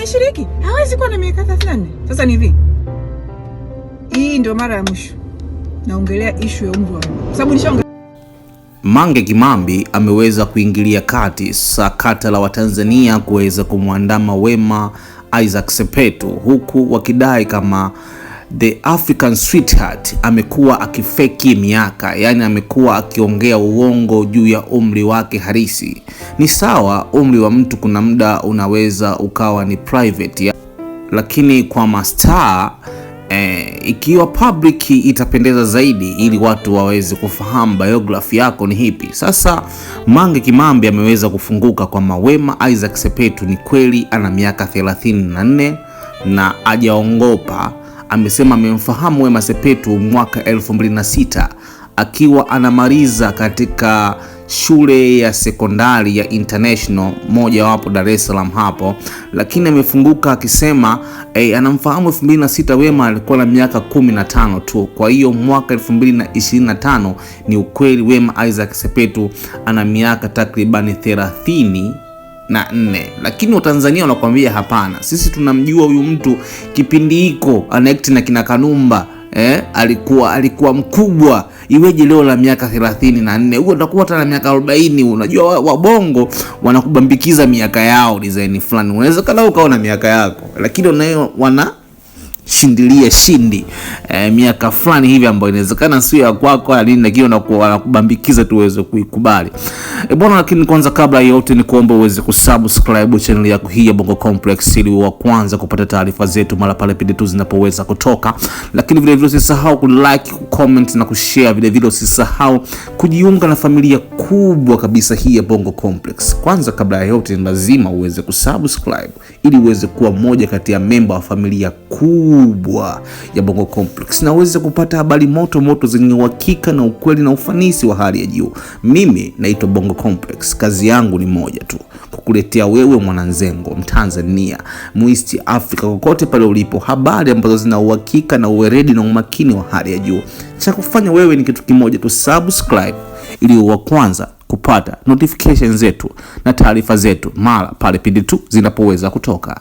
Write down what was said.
anishiriki? hawezi kuwa na miaka 34. Sasa ni hivi, hii ndio mara ya mwisho naongelea ishu ya umri wangu. sababu nishaongelea. Mange Kimambi ameweza kuingilia kati sakata la Watanzania kuweza kumwandama Wema Isaac Sepetu, huku wakidai kama the African sweetheart amekuwa akifeki miaka, yaani amekuwa akiongea uongo juu ya umri wake halisi. Ni sawa, umri wa mtu kuna muda unaweza ukawa ni private ya, lakini kwa mastaa Eh, ikiwa public itapendeza zaidi ili watu waweze kufahamu biography yako ni hipi. Sasa Mange Kimambi ameweza kufunguka kwa mawema. Isaac Sepetu ni kweli ana miaka 34 na ajaongopa amesema amemfahamu Wema Sepetu mwaka 2006 akiwa anamaliza katika shule ya sekondari ya International moja wapo Dar es Salaam hapo, lakini amefunguka akisema eh, anamfahamu 2006 Wema alikuwa na miaka 15 tu. Kwa hiyo mwaka 2025 ni ukweli Wema Isaac Sepetu ana miaka takribani 30 na nne, lakini Watanzania wanakuambia hapana, sisi tunamjua huyu mtu kipindi hiko anact na kina Kanumba eh, alikuwa alikuwa mkubwa iweje leo la miaka thelathini na nne huo utakuwa hata na miaka 40. Unajua wabongo wanakubambikiza miaka yao design fulani, unawezekana ukaona miaka yako, lakini wanayo wana shindilie shindi e, miaka fulani hivi ambayo inawezekana sio ya kwako ya nini, lakini wanakubambikiza tu uweze kuikubali e, bwana. Lakini kwanza kabla yote ni kuomba uweze kusubscribe channel yako hii ya Bongo Complex ili wa kwanza kupata taarifa zetu mara pale pindi tu zinapoweza kutoka, lakini vile vile usisahau ku like, ku comment na kushare. Vile vile usisahau kujiunga na familia kubwa kabisa hii ya Bongo Complex. Kwanza kabla ya yote ni lazima uweze kusubscribe ili uweze kuwa moja kati ya memba wa familia kubwa kubwa ya Bongo Complex na uweze kupata habari moto moto zenye uhakika na ukweli na ufanisi wa hali ya juu. Mimi naitwa Bongo Complex, kazi yangu ni moja tu, kukuletea wewe mwananzengo, Mtanzania, Muisti Afrika, kokote pale ulipo, habari ambazo zina uhakika na uweredi na umakini wa hali ya juu. Cha kufanya wewe ni kitu kimoja tu, subscribe ili wa kwanza kupata notification zetu na taarifa zetu mara pale pindi tu zinapoweza kutoka.